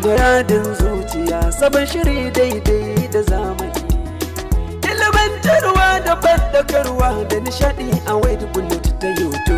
Muradin zuciya sabon shiri daidai da zamani Ilimantarwa da faddakarwa da nishadi a wade bullet ta YouTube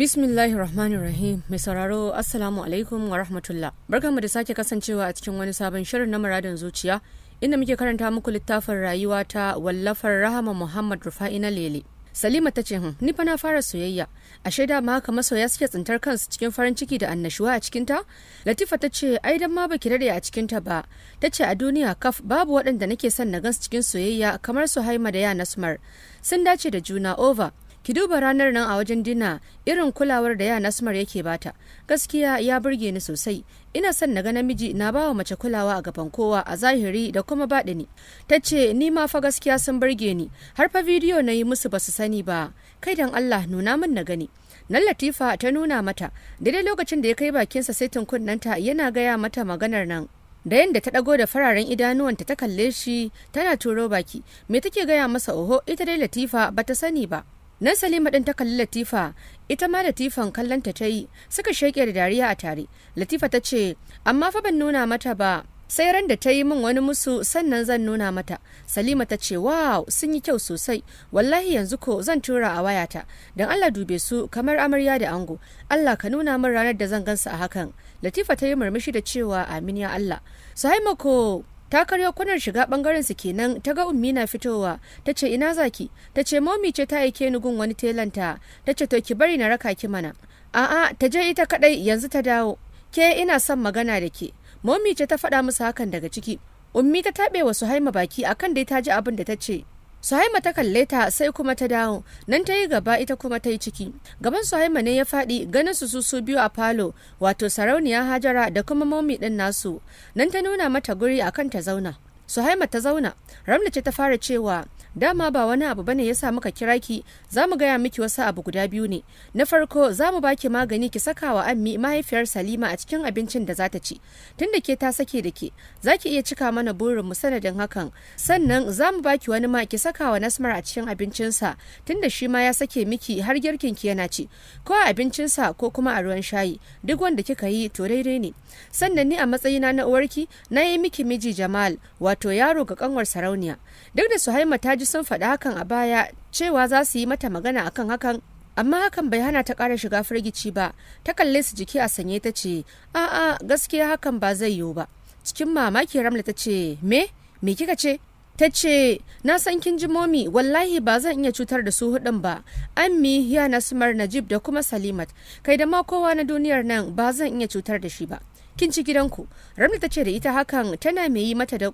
Bismillahi Rahmanir Rahim mai sauraro Assalamu alaikum wa rahmatullah. Barkanmu da sake kasancewa a cikin wani sabon shirin na muradin zuciya inda muke karanta muku littafin rayuwa ta wallafar Rahama Muhammad Rufa'i na Lele. Salima ta ce hun hmm, ni fa na fara soyayya ashe da ma haka masoya suke tsintar kansu cikin farin ciki da annashuwa a cikinta. Latifa ta ce ai dan ma baki dade a cikinta ba ta ce a duniya kaf babu waɗanda nake son na gansu cikin soyayya kamar su haima da ya Nasmar sun dace da juna over ki duba ranar nan a wajen dina irin kulawar da ya nasmar yake bata gaskiya ya burge ni sosai ina son na ga namiji na bawa mace kulawa a gaban kowa a zahiri da kuma baɗini ta ce ni ma fa gaskiya sun burge ni har fa bidiyo na yi musu basu sani ba kai dan allah nuna min na gani nan latifa ta nuna mata daidai lokacin da ya kai bakinsa sai tunkunnanta yana gaya mata maganar nan da yadda ta dago da fararen idanuwanta ta kalle shi tana turo baki me take gaya masa oho ita dai latifa bata sani ba nan salima din ta kalli latifa ita ma latifan kallonta ta yi suka shaƙe da dariya a tare latifa ta ce amma fa ban nuna mata ba sai ran da ta yi min wani musu sannan zan nuna mata salima ta ce wow sun yi kyau sosai wallahi yanzu ko zan tura a wayata don allah dube su kamar amarya da ango allah ka nuna min ranar da zan gansu a hakan latifa ta yi murmushi da cewa amin ya allah Su haimako. ta karya kunar shiga bangaren su kenan ta ga ummi na fitowa ta ce ina zaki ta ce momi ce ta aike ni gun wani telanta ta ce to ki bari na raka ki mana a'a ta je ita kadai yanzu ta dawo ke ina son magana da ke momi ce ta faɗa musu hakan daga ciki ummi ta taɓe wa suhaima baki akan da ta ji abin da ta ce Suhaima ta kalle ta sai kuma ta dawo, nan ta yi gaba ita kuma ta yi ciki. Gaban Suhaima ne ya faɗi ganin su su biyu a falo, wato sarauniya Hajara da kuma momi ɗin nasu. Nan ta nuna mata guri akan ta zauna. Suhaima ta zauna, Ramla ce ta fara cewa dama ba wani abu bane ya sa muka kira ki za mu gaya miki wasu abu guda biyu ne na farko za mu baki magani ki saka wa ammi mahaifiyar salima a cikin abincin da za ta ci tunda ke ta sake da ke za ki iya cika mana burin mu sanadin hakan sannan za mu baki wani ma ki saka wa nasmar a cikin abincinsa tunda shi ma ya sake miki har girkin ki yana ci ko a abincinsa ko kuma a ruwan shayi duk wanda kika yi to daidai ne sannan ni a matsayina na uwarki na yi miki miji jamal wato yaro ga kanwar sarauniya duk da suhaima ta ji sun faɗi hakan a baya cewa za su yi mata magana akan hakan amma hakan bai hana ta ƙara shiga firgici ba ta kalle su jiki a sanye ta ce a'a gaskiya hakan ba zai yiwu ba cikin mamaki ramla ta ce me me kika ce ta ce na san kin ji momi wallahi ba zan iya cutar da su hudun ba ammi yana sumar najib da kuma salimat kai da ma kowa na duniyar nan ba zan iya cutar da shi ba kin ci gidanku ramli ta ce da ita hakan tana mai yi mata da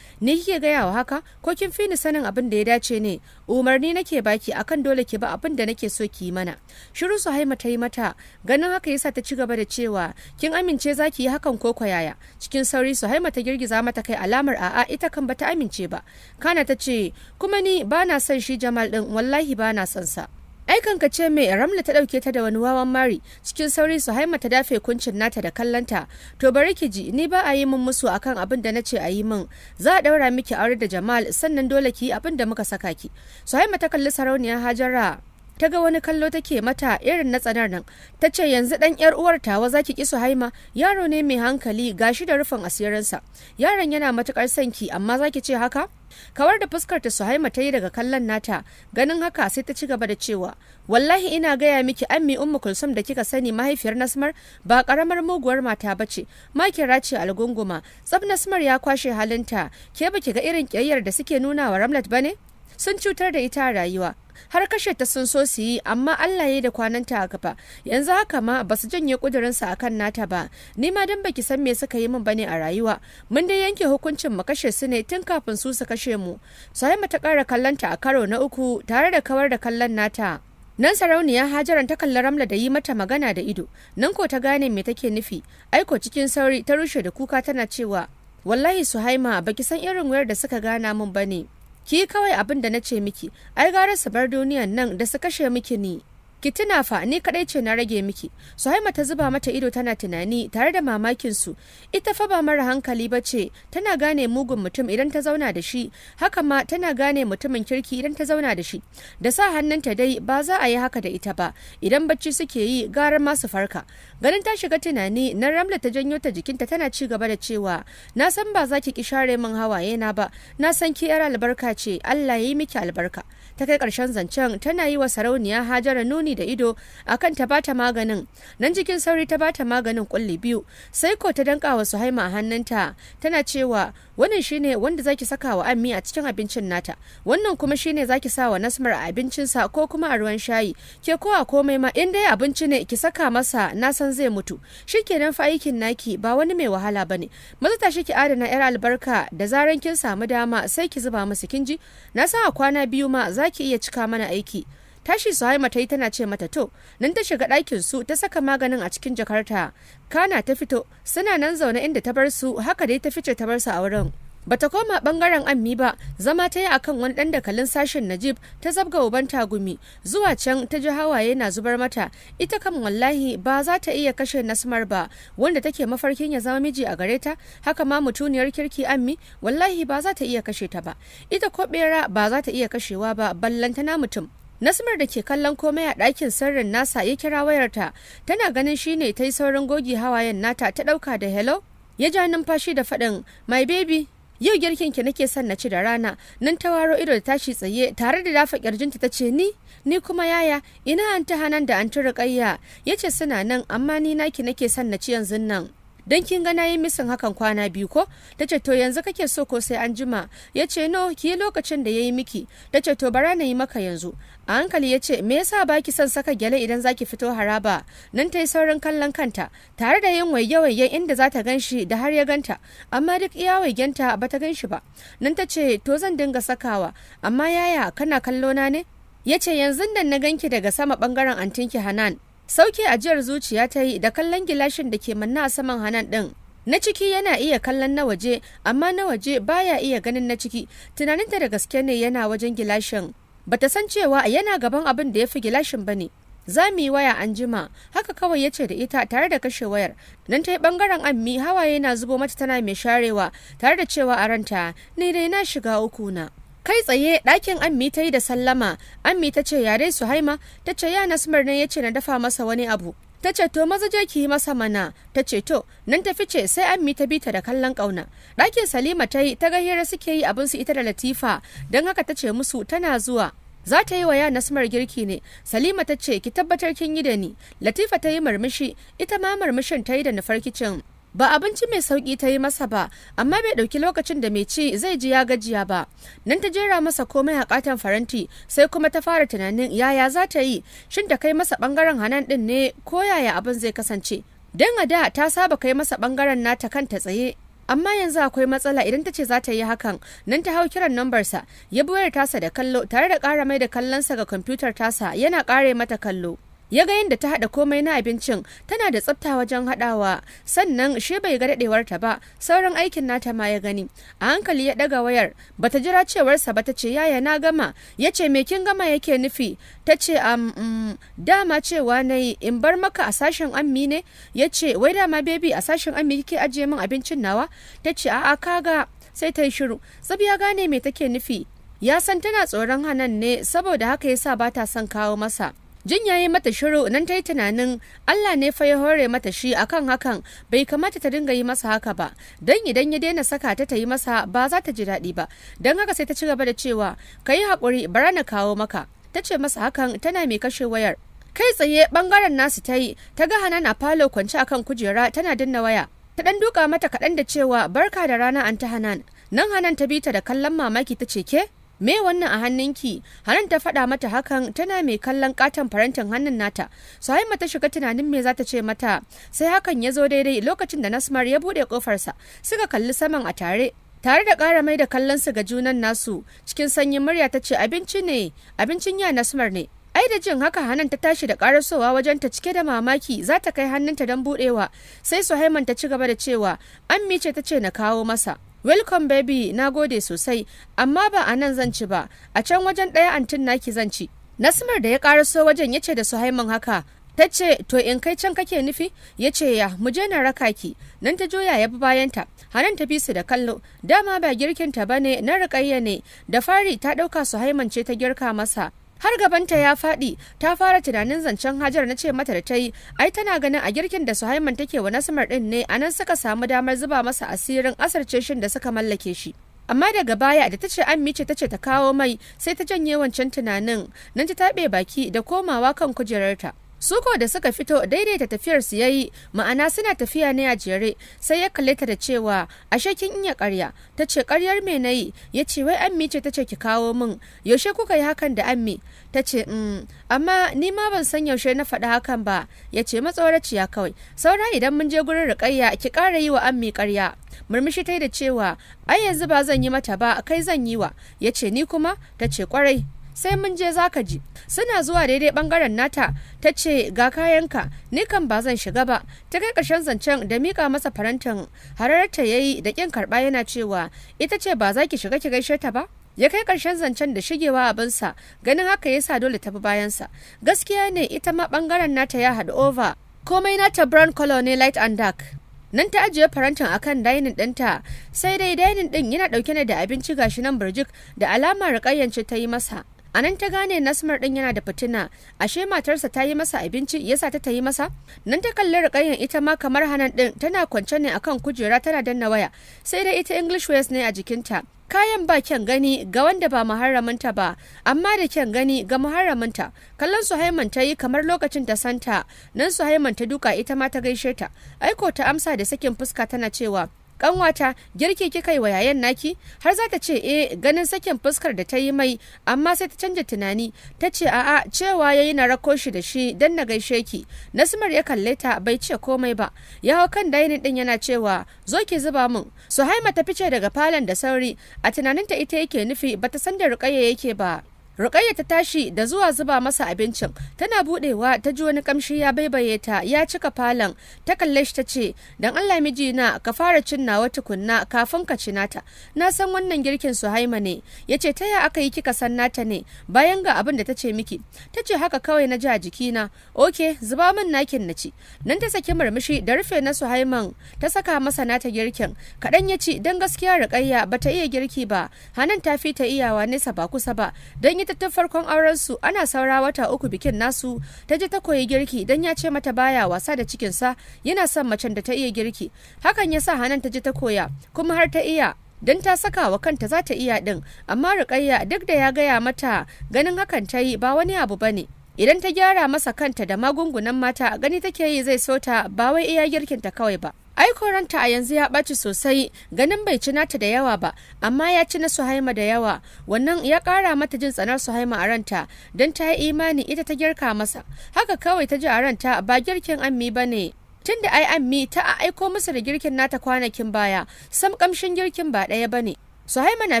ni kike gaya wa haka ko kin fi ni sanin abin da ya dace ne umarni nake baki akan dole ki ba abin da nake so ki mana shiru su haima ta yi mata ganin haka yasa ta ci gaba da cewa kin amince za ki yi hakan ko kwayaya cikin sauri su haima ta girgiza mata kai alamar a'a ita kan bata amince ba kana ta ce kuma ni bana son shi jamal din wallahi bana son sa aikan ka ce mai ramla ta dauke ta da wani wawan mari cikin sauri su haima ta dafe kuncin nata da kallanta to bari ki ji ni ba a yi min musu akan abin da nace a yi min za a daura miki aure da Jamal sannan dole ki yi abin da muka saka ki su haima ta kalli sarauniyar Hajara ta ga wani kallo take mata irin na tsanar nan ta ce yanzu dan yar uwar tawa zaki ki su haima yaro ne mai hankali gashi da rufin asirinsa yaron yana matukar sanki amma zaki ce haka kawar da fuskar ta suhaima ta yi daga kallon nata ganin haka sai ta ci gaba da cewa wallahi ina gaya miki ammi ummu kulsum da kika sani mahaifiyar nasmar ba karamar muguwar mata ba ce makira ce algunguma tsab nasmar ya kwashe halinta ke baki ga irin kiyayyar da suke nuna wa ramlat ne? sun cutar da ita rayuwa har kashe ta sun so su yi amma Allah ya da kwananta a gaba yanzu haka ma ba su janye kudurinsa kan nata ba ni ma dan baki san me suka yi min bane a rayuwa mun dai yanke hukuncin mu kashe su ne tun kafin su su kashe mu mu ta kara ta a karo na uku tare da kawar da kallon nata Nan sarauniya Hajaran ta kalli Ramla da yi mata magana da ido, nan ko ta gane me take nufi, aiko cikin sauri ta rushe da kuka tana cewa, Wallahi Suhaima baki san irin wayar da suka gana min bane. ki kawai abin da na ce miki ai gara su bar duniyan nan da su kashe miki ni ki tuna fa ni kadai ce na rage miki suhaima ta zuba mata ido tana tunani tare da mamakin su ita fa ba mara hankali ba ce tana gane mugun mutum idan ta zauna da shi haka ma tana gane mutumin kirki idan ta zauna da shi da sa hannunta dai ba za a yi haka da ita ba idan bacci suke yi gara ma su farka ganin ta shiga tunani na ramla ta janyo ta jikinta tana ci gaba da cewa na san ba za ki ki share min hawaye na ba na san ki yar albarka ce Allah ya yi miki albarka ta kai karshen zancen tana yi wa sarauniya hajara nuni da ido akan ta bata maganin nan jikin sauri ta bata maganin kulli biyu sai ko ta danka wa suhaima a hannunta tana cewa wannan shine wanda zaki saka wa ammi a cikin abincin nata wannan kuma shine zaki sa wa nasmar a sa ko kuma a ruwan shayi ke kowa komai ma in dai abinci ne ki saka masa na san zai mutu shikenan fa aikin naki ba wani mai wahala bane maza tashi ki adana yar albarka da zaran kin samu dama sai ki zuba masa kinji na sa kwana biyu ma za za ki iya cika mana aiki tashi suhaima ta yi tana ce mata to nan ta shiga ɗakin su ta saka maganin a cikin jakarta kana ta fito suna nan zaune inda ta bar su haka dai ta fice ta bar su a wurin bata koma bangaren ammi ba zama ta yi a kan wani dan dakalin sashen najib ta zabga uban tagumi zuwa can ta ji hawaye na zubar mata ita kan wallahi ba za ta iya kashe nasmar ba wanda take mafarkin ya zama miji a gare ta haka ma mutuniyar kirki ammi wallahi ba za ta iya kashe ta ba ita ko bera ba za ta iya kashewa ba na mutum Nasmar da ke kallon komai a ɗakin sirrin nasa ya kira wayarta tana ganin shine ta yi saurin goge hawayen nata ta ɗauka da hello ya ja numfashi da faɗin my baby yau girkin ki nake son na ci da rana nan ta waro ido da tashi tsaye tare da dafa kirjinta ta ce ni ni kuma yaya ina an ta hanan da an ci Ya yace suna nan amma ni naki nake son na ci yanzu nan don kin ga yi misin hakan kwana biyu ko ta ce to yanzu kake so ko sai an jima ya ce no ki yi lokacin da ya yi miki ta ce to bara na yi maka yanzu a hankali ya ce me yasa baki son saka gyale idan zaki fito haraba nan ta yi saurin kallon kanta tare da yin waige-waigen inda za ta gan shi da har ya ganta amma duk iya waigenta ba ta gan shi ba nan ta ce to zan dinga sakawa amma yaya kana kallona ne yace yanzu nan na ganki daga sama bangaren antinki hanan Sauke ajiyar zuciya ta yi da kallon gilashin da ke manna a saman hanan din. Na ciki yana iya kallon na waje, amma na waje baya iya ganin na ciki. Tunaninta da gaske ne yana wajen gilashin. Bata san cewa yana gaban abin da ya fi gilashin ba ne. Za mu yi waya an jima, haka kawai ya ce da ita tare da kashe wayar. Nan ta yi ɓangaren ammi hawaye na zubo mata tana mai sharewa, tare da cewa a ranta, ni dai na shiga uku na. kai tsaye ɗakin ammi ta yi da sallama ammi ta ce yare su haima ta ce ya nasmar ne ya ce na dafa masa wani abu ta ce to maza je ki yi masa mana ta ce to nan ta fice sai ammi ta bi ta da kallon ƙauna ɗakin salima ta yi ta ga hira suke yi abin su ita da latifa don haka ta ce musu tana zuwa za ta yi wa ya nasmar girki ne salima ta ce ki tabbatar kin yi da ni latifa ta yi murmushi ita ma murmushin ta yi da nufar kicin ba abinci mai sauki ta yi masa ba amma bai ɗauki lokacin da mai ci zai ji ya gajiya ba nan ta jera masa komai a katon faranti sai kuma ta fara tunanin yaya za ta yi shin ta kai masa bangaren hanan din ne ko yaya abin zai kasance don a da ta saba kai masa bangaren nata kanta tsaye amma yanzu akwai matsala idan ta ce za ta yi hakan nan ta hau kiran nambarsa ya buwar tasa da kallo tare da ƙara mai da kallonsa ga kwamfutar tasa yana kare mata kallo ya ga yadda ta haɗa komai na abincin tana da tsafta wajen haɗawa sannan shi bai ga ta ba sauran aikin nata ma ya gani a hankali ya ɗaga wayar bata jira cewarsa ba ta ce yaya na gama ya ce me kin gama yake nufi ta ce mm, dama cewa na yi in bar maka a sashen ammi ne ya ce wai dama bebi a sashen ammi kike ajiye min abincin nawa ta ce a'a kaga sai ta yi shiru tsab ya gane me take nufi ya san tana tsoron hanan ne saboda haka yasa ba ta son kawo masa jin ya yi mata shiru nan ta yi tunanin allah ne fa ya hore mata shi akan hakan bai kamata ta dinga yi masa haka ba don idan ya daina saka ta ta yi masa ba za ta ji daɗi ba don haka sai ta ci gaba da cewa ka yi haƙuri bara na kawo maka ta ce masa hakan tana mai kashe wayar kai tsaye bangaren nasu ta yi ta ga hana na falo kwance akan kujera tana danna waya ta dan duka mata kaɗan da cewa barka da rana an ta hanan nan hanan ta bi ta da kallon mamaki ta ce ke me wannan a hannunki haran ta faɗa mata hakan tana mai kallon katon farantin hannun nata suhaima ta shiga tunanin me za ta ce mata sai hakan ya zo daidai lokacin da nasmar ya buɗe kofarsa suka kalli saman a tare tare da ƙara mai da kallon su ga junan nasu cikin sanyin murya ta ce abinci ne abincin ya nasmar ne ai da jin haka hanan ta tashi da karasowa wajen ta cike da mamaki za ta kai hannunta don buɗewa sai suhaiman ta ci gaba da cewa an mice ta ce na kawo masa welcome baby na gode sosai amma ba a nan zan ci ba a can wajen ɗaya antin naki zan ci nasmar da ya ƙaraso wajen ya ce da su haiman haka ta ce to in kai can kake nufi ya ce ya mu je na raka ki nan ta juya ya bi bayanta hannun ta bi su da kallo dama ba girkinta ne, na rikayya ne da fari ta ɗauka su ce ta girka masa har gabanta ya faɗi ta fara tunanin zancen hajar na ce mata da ta yi ai tana ganin a girkin da suhaiman take wa nasmar din ne anan suka samu damar zuba masa asirin asarce shin da suka mallake shi amma daga baya da ta ce an mice ta ce ta kawo mai sai ta janye wancan tunanin nan ta taɓe baki da komawa kan kujerarta Suko da suka fito daidaita tafiyar su yayi ma'ana suna tafiya ne a jere sai ya kalle ta da cewa ashe kin iya karya ta ce karyar me nayi ya ce wai ammi ce ta ce ki kawo min yaushe kuka yi hakan da ammi ta ce mm, amma ni ma ban san yaushe na faɗi hakan ba ya ce matsoraciya kawai saura idan mun je gurin riƙayya ki ƙara yi wa ammi karya murmushi ta da cewa ai yanzu ba zan yi mata ba kai zan yi wa ya ce ni kuma ta ce kwarai sai mun je zaka ji suna zuwa daidai bangaren nata ta ce ga kayanka ni kan ba zan shiga ba ta kai karshen zancen da mika masa farantin hararta yayi da kin karba yana cewa ita ce ba za ki shiga ki gaishe ta ba ya kai karshen zancen da shigewa abinsa ganin haka ya sa dole tafi bayansa gaskiya ne ita ma bangaren nata ya haɗu over komai nata brown color ne light and dark nan ta ajiye farantin akan dainin ɗinta sai dai dainin ɗin yana ɗauke ne da abinci gashi nan burjik da alama rikayyance ta yi masa a nan ta gane nasmar din yana da fitina ashe matarsa ta yi masa abinci yasa ta yi masa nan ta kalli riƙayen ita ma kamar hanan din tana kwance ne akan kujera tana danna waya sai dai ita english west ne a jikinta kayan ba kyan gani ga wanda ba muharraminta ba amma da kyan gani ga muharraminta kallon suhaiman ta yi kamar lokacin da santa nan su ta duka ita ma ta gaishe ta aiko ta amsa da sakin fuska tana cewa kanwata girki kika yi wa yayan naki har za ta ce eh ganin sakin fuskar da ta yi mai amma sai ta canja tunani ta ce a'a cewa yayi na rako shi da shi dan na gaishe ki nasmar ya kalle ta bai ce komai ba ya hau kan dainin din yana cewa zo ki zuba min suhaima ta fice daga falon da sauri a tunaninta ita yake nufi bata san da rukayya yake ba Rukayya ta tashi da zuwa zuba masa abincin tana budewa ta ji wani kamshi ya baibaye ta ya cika falon ta kalle shi ta ce dan Allah mijina ka fara cin nawa tukunna kafin ka ci nata na san wannan girkin su haima ne yace ta ya aka yi kika san nata ne bayan ga abin da ta ce miki ta ce haka kawai na ji a jikina oke zuba min nakin na ci nan ta saki murmushi da rufe na su haiman ta saka masa nata girkin kadan ya ci dan gaskiya Rukayya bata iya girki ba Hanan ta fita iyawa nesa ba kusa ba dan ta tun farkon aurensu ana saura wata uku bikin nasu ta je ta koyi girki don ya ce mata baya wasa da cikinsa yana son macen da ta iya girki hakan ya sa hanan ta ji ta koya kuma har ta iya don ta saka wa kanta za ta iya din amma rukayya duk da ya gaya mata ganin hakan ta yi ba wani abu bane idan ta gyara masa kanta da magungunan mata gani take yi zai sota ba wai iya girkinta kawai ba aiko ranta a yanzu ya ɓaci sosai ganin bai ci nata da yawa ba amma ya ci na suhaima da yawa wannan ya ƙara mata jin tsanar suhaima a ranta don ta yi imani ita ta girka masa haka kawai ta ji a ranta ba girkin ammi ba ne tun da ai ammi ta aiko musu da girkin nata kwanakin baya sam kamshin girkin ba ɗaya ba ne Suhaima na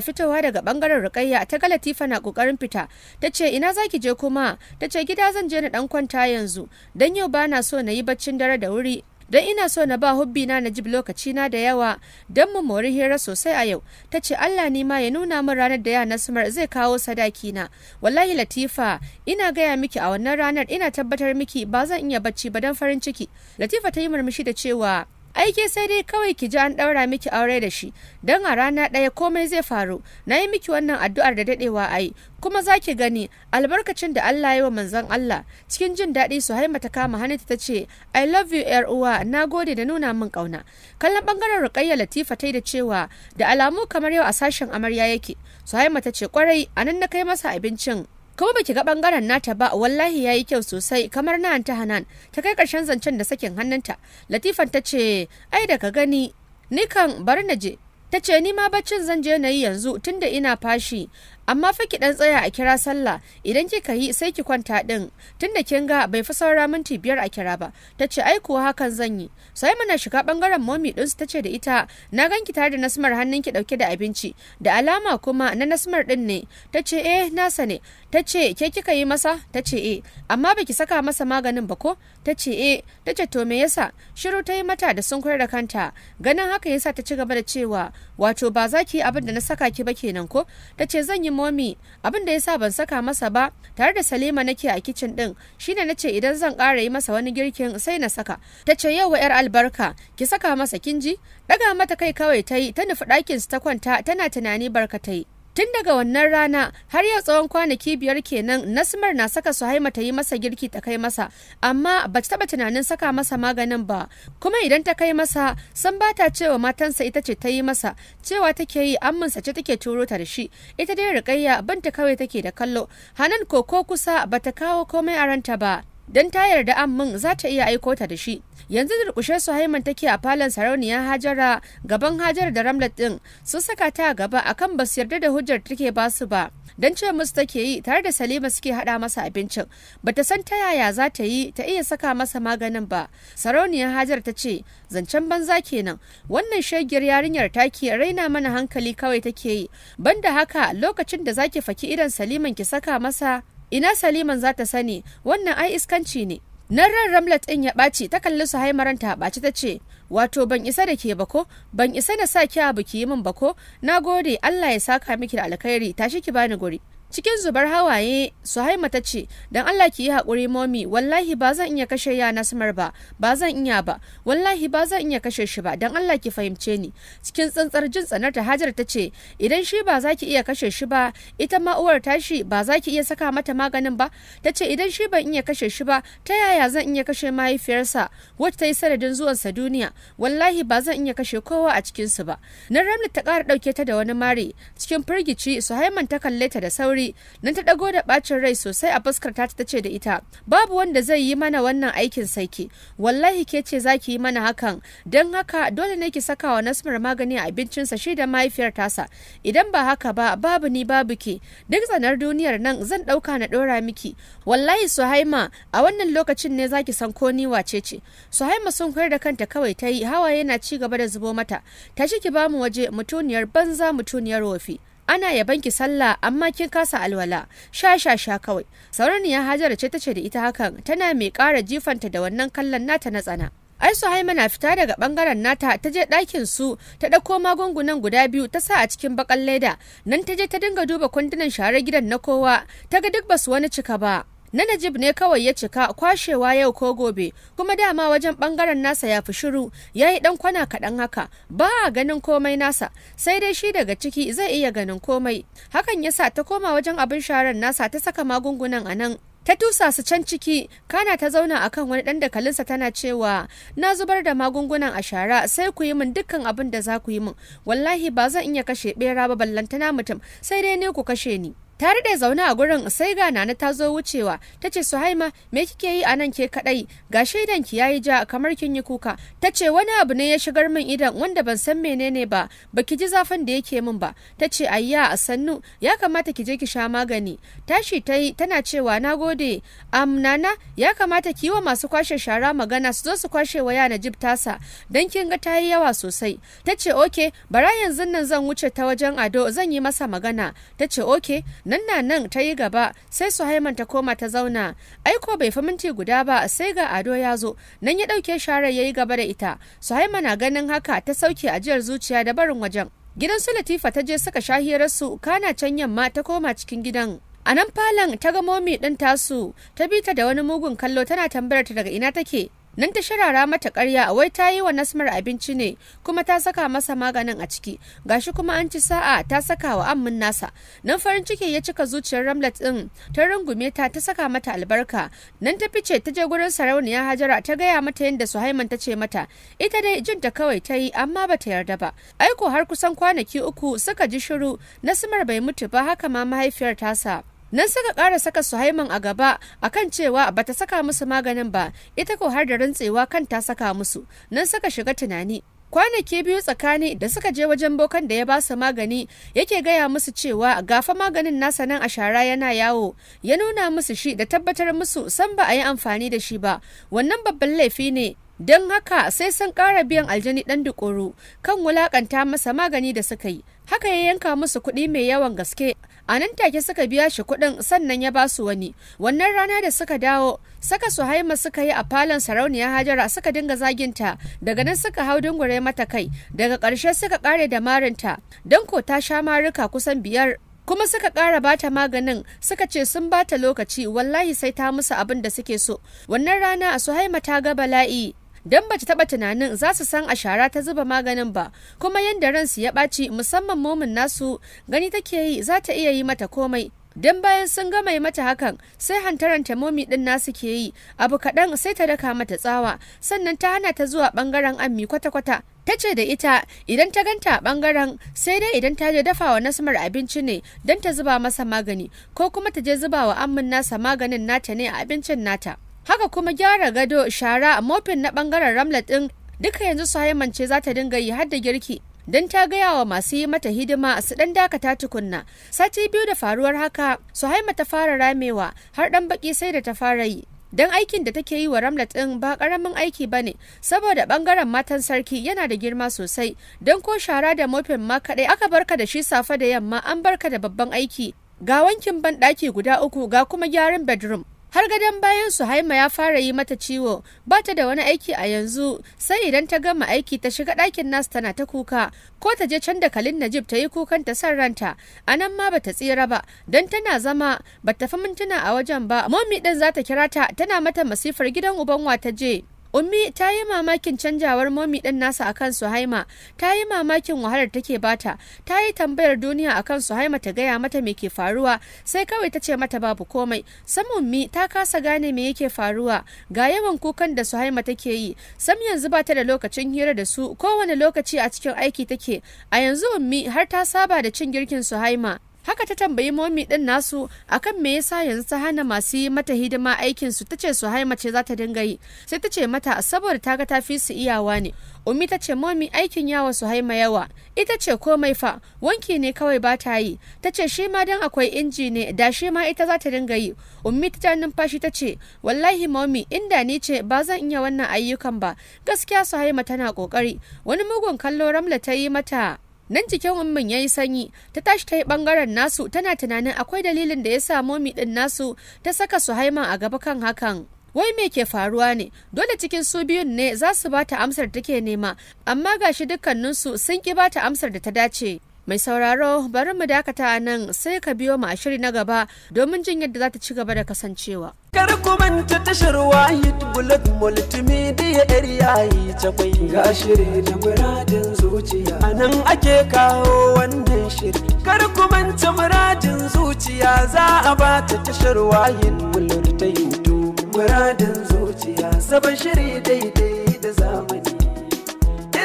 fitowa daga bangaren Rukayya ta ga Latifa na kokarin fita. Ta ce ina za ki je kuma? Ta ce gida zan je na ɗan kwanta yanzu. Dan yau ba na so na yi baccin dare da wuri. don ina so na ba hubbi na Najib lokaci na da yawa don mu mori hira sosai a yau ta ce Allah ni ma ya nuna min ranar da yana sumar zai kawo sadaki na wallahi Latifa ina gaya miki a wannan ranar ina tabbatar miki ba zan iya bacci ba don farin ciki Latifa ta yi murmushi da cewa aiki sai dai kawai ki ji an ɗaura miki aure da shi don a rana ɗaya komai zai faru na yi miki wannan addu'ar da daɗewa a yi kuma za ki gani albarkacin da Allah ya wa manzon Allah cikin jin daɗi su haima ta kama hannunta ta ce I love you yar uwa na gode da nuna min ƙauna kallon ɓangaren Rukayya Latifa ta da cewa da alamu kamar yau a sashen amarya yake haima ta ce kwarai nan na kai masa abincin kuma baki ga bangaren nata ba wallahi yayi kyau sosai kamar na ta hanan ta kai karshen zancen da sakin hannunta latifan ta ce ai daga gani nikan kan bari na je ta ce ni ma baccin zan je na yi yanzu tunda ina fashi amma fa ki dan tsaya a kira sallah idan kika yi sai ki kwanta din tunda kin ga bai fi saura minti biyar a kira ba ta ce ai kuwa hakan zan yi sai muna shiga bangaren momi din su tace da ita na ganki tare da nasmar hannun ki dauke da abinci da alama kuma na nasmar din ne ta ce eh nasa ne ta ce ke kika yi masa ta ce eh amma baki saka masa maganin ba ko ta ce eh ta ce to me yasa shiru ta yi mata da sun da kanta ganin haka yasa ta ci gaba da cewa wato ba za ki yi abin da na saka ki ba kenan ko ta ce zan yi momi abin da yasa ban saka masa ba tare da salima nake a kicin din shine ce idan zan kara yi masa wani girkin sai na saka ta ce yau yar albarka ki saka masa kinji daga mata kai kawai ta yi ta nufi ɗakin ta kwanta tana tunani barka ta yi. Tun daga wannan rana har yau tsawon kwanaki biyar kenan Nasmar na saka su haima ta yi masa girki ta kai masa amma ba ta taba tunanin saka masa maganin ba kuma idan ta kai masa san ba ta cewa matansa ita ce ta yi masa cewa take yi amminsa ce take turo ta da shi ita dai rikayya banta kawai take da kallo Hanan koko kusa ba ta kawo komai a ranta ba don ta yarda amman za ta iya aiko ta da shi yanzu durkushe suhaiman haiman take a falon sarauniyar hajara gaban hajar da ramlat din su saka ta gaba akan ba su yarda da hujjar take ba su ba don ce musu take yi tare da salima suke hada masa abincin ba ta san ta yaya za ta yi ta iya saka masa maganin ba sarauniyar hajar ta ce zancen banza kenan wannan shagiyar yarinyar take raina mana hankali kawai take yi ban da haka lokacin da zaki faki idan saliman ki saka masa ina saliman za ta sani wannan ai iskanci ne nan ran ramlat ɗin ya ɓaci ta kalli su haimaranta a ɓaci ta ce wato ban isa da ke ba ko ban isa na sa ki abu ki yi min ko na gode allah ya saka miki da alkhairi tashi ki bani guri cikin zubar hawaye suhaima ta ce don allah ki yi haƙuri momi wallahi ba zan iya kashe yana samar ba ba zan iya ba wallahi ba zan iya kashe shi ba don allah ki fahimce ni cikin tsantsar jin tsanar ta hajar ta ce idan shi ba za ki iya kashe shi ba ita ma uwar tashi ba za ki iya saka mata maganin ba ta ce idan shi ban iya kashe shi ba ta yaya zan iya kashe mahaifiyarsa wacce ta yi sanadin zuwansa duniya wallahi ba zan iya kashe kowa a cikinsu ba nan ramli ta ƙara ɗauke ta da wani mare cikin firgici suhaiman ta kalle ta da sauri sauri nan ta ɗago da bacin rai sosai a fuskar ta ta ce da ita babu wanda zai yi mana wannan aikin saiki wallahi ke ce za ki yi mana hakan don haka dole ne ki saka wa nasmar magani a abincinsa shi da mahaifiyar tasa idan ba haka ba babu ni babu ke duk tsanar duniyar nan zan ɗauka na dora miki wallahi suhaima a wannan lokacin ne za ki san ko ni wace ce suhaima sun koyar da kanta kawai ta yi hawaye na ci gaba da zubo mata tashi ki bamu waje mutuniyar banza mutuniyar wofi ana yaban ki sallah amma kin kasa alwala sha sha sha kawai sauraniya hajara ce tace da ita hakan tana mai ƙara jifanta da wannan kallon nata na tsana ai suhaima na fita daga bangaren nata ta je ɗakin su ta ɗauko magungunan guda biyu ta sa a cikin bakan leda nan ta je ta dinga duba kundunan sharar gidan na kowa ta ga duk basu wani cika ba na najib ne kawai ya cika kwashewa yau ko gobe kuma dama wajen bangaren nasa ya fi shiru ya yi dan kwana kaɗan haka ba a ganin komai nasa sai dai shi daga ciki zai iya ganin komai hakan ya sa ta koma wajen abin sharar nasa ta saka magungunan a nan ta tusa su can ciki kana ta zauna a kan wani dan dakalinsa tana cewa na zubar da magungunan a shara sai ku yi min dukkan abin da za ku yi min wallahi ba zan iya kashe bera ba ballantana mutum sai dai ne ku kashe ni ta daɗe zaune a gurin sai ga nana ta zo wucewa ta ce suhaima me kike yi anan ke kaɗai ga shaidan ki yayi ja kamar kin yi kuka ta ce wani abu ne ya shigar min idan wanda ban san menene ba baki ji zafin da yake min ba ta ce ayya a sannu ya kamata ki je ki sha magani tashi ta yi tana cewa na gode am nana ya kamata ki yi wa masu kwashe shara magana su zo su kwashe waya yana jib tasa dan kin ga ta yi yawa sosai ta ce oke bara yanzu nan zan wuce ta wajen ado zan yi masa magana ta ce oke nan na nan ta yi gaba sai su haiman ta koma ta zauna aiko bai fi minti guda ba sai ga ado ya zo nan ya dauke sharar ya yi gaba da ita haima na ganin haka ta sauke ajiyar zuciya da barin wajen gidan su latifa ta je suka su kana can yamma ta koma cikin gidan a nan falon ta ga momi ɗin tasu ta bi ta da wani mugun kallo tana tambayar ta daga ina take nan ta sharara mata karya wai ta yi wa nasmar abinci ne kuma ta saka masa maganin a ciki gashi kuma an ci sa'a ta saka wa ammin nasa nan farin ciki ya cika zuciyar ramlet din ta rungume ta ta saka mata albarka nan ta fice ta je gurin sarauniya hajara ta gaya mata yadda suhaiman ta ce mata ita dai jin ta kawai ta yi amma ba ta yarda ba aiko har kusan kwanaki uku suka ji shiru nasmar bai mutu ba haka ma mahaifiyar tasa nan suka kara saka suhaiman a gaba a kan cewa bata saka musu maganin ba ita ko har da rantsewa kan ta saka musu nan suka shiga tunani kwanaki biyu tsakani da suka je wajen bokan da ya ba su magani yake gaya musu cewa gafa maganin nasa nan a shara yana yawo ya nuna musu shi da tabbatar musu san ba a yi amfani da shi ba wannan babban laifi ne don haka sai sun ƙara biyan aljani ɗan dukoro kan wulaƙanta masa magani da suka yi haka ya yanka musu kuɗi mai yawan gaske a nan take suka biya shi kuɗin sannan ya ba su wani wannan rana da suka dawo saka su haima suka yi a falon sarauniya hajara suka dinga zaginta daga nan suka hau dungure mata kai daga ƙarshe suka ƙare da marinta don ko ta sha maruka kusan biyar kuma suka ƙara bata maganin suka ce sun bata lokaci wallahi sai ta musu abin da suke so wannan rana a suhaima ta ga bala'i don ba taɓa tunanin za su san a shara ta zuba maganin ba kuma yadda ransu ya ɓaci musamman momin nasu gani take yi za ta iya yi mata komai don bayan sun gama yi mata hakan sai hantaranta momi din nasu ke yi abu kaɗan sai ta daka mata tsawa sannan ta hana ta zuwa ɓangaren ammi kwata-kwata ta ce da ita idan ta ganta a ɓangaren sai dai idan ta je dafa wa nasmar abinci ne don ta zuba masa magani ko kuma ta je zuba wa ammin nasa maganin nata ne a abincin nata haka kuma gyara gado shara mofin na bangaren ramlet din duka yanzu su ce za ta dinga yi har girki don ta gaya wa masu yi mata hidima su dan dakata tukunna sati biyu da faruwar haka su ta fara ramewa har dan baki sai da ta fara yi don aikin da take yi wa ramla ɗin ba karamin aiki bane saboda bangaren matan sarki yana da girma sosai don ko shara da mofin ma kadai aka barka da shi safa da yamma an barka da babban aiki ga wankin ban daki guda uku ga kuma gyaran bedroom har gadon bayan su haima ya fara yi mata ciwo ba ta da wani aiki a yanzu sai idan ta gama aiki ta shiga ɗakin nasu tana ta kuka ko ta je can da kalin najib ta yi kukan ta san ranta a nan ma ba ta tsira ba don tana zama ba ta fi mintuna a wajen ba momi ɗin za ta kira ta tana mata masifar gidan uban wa ta je Ummi ta yi mamakin canjawar momi ɗin nasa akan Suhaima, ta yi mamakin wahalar take bata, ta yi tambayar duniya akan Suhaima ta gaya mata me ke faruwa, sai kawai ta ce mata babu komai. Sam Ummi ta kasa gane me yake faruwa, ga yawan kukan da Suhaima take yi, sam yanzu ba ta da lokacin hira da su, kowane lokaci a cikin aiki take, a yanzu Ummi har ta saba da cin girkin Suhaima. haka ta tambayi momi din nasu akan me yasa yanzu ta hana masu yi mata hidima aikin su tace su hai mace za ta dinga yi sai tace mata saboda ta ga ta fi su iyawa ne ummi ta ce momi aikin yawa su haima yawa ita ce komai fa wanki ne kawai ba ta yi ta ce shi ma dan akwai inji ne da shi ma ita za ta dinga yi ummi ta numfashi ta ce wallahi momi inda ni ce ba zan iya wannan ayyukan ba gaskiya su haima tana kokari wani mugun kallo ramla ta yi mata nan cikin ummin ya yi sanyi ta tashi ta yi bangaren nasu tana tunanin akwai dalilin da ya sa momi ɗin nasu ta saka su haiman a gaba kan hakan wai me ke faruwa ne dole cikin su biyun ne za su ba ta amsar take nema amma gashi dukkaninsu sun ki ba ta amsar da ta dace Mai sauraro bari mu dakata a nan sai ka biyo mu a shiri na gaba domin jin yadda za ta ci gaba da kasancewa. Kar ku manta tashar Wahid Bullet Multimedia Area ta kwai. Ga shiri da muradin zuciya. A nan ake kawo wannan shiri. Kar ku manta muradin zuciya za a ba ta tashar Wahid Bullet ta YouTube. Muradin zuciya sabon shiri daidai da zamani.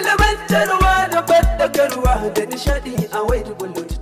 Ilimantarwa da fadakarwa da nishadi a waidu bullet.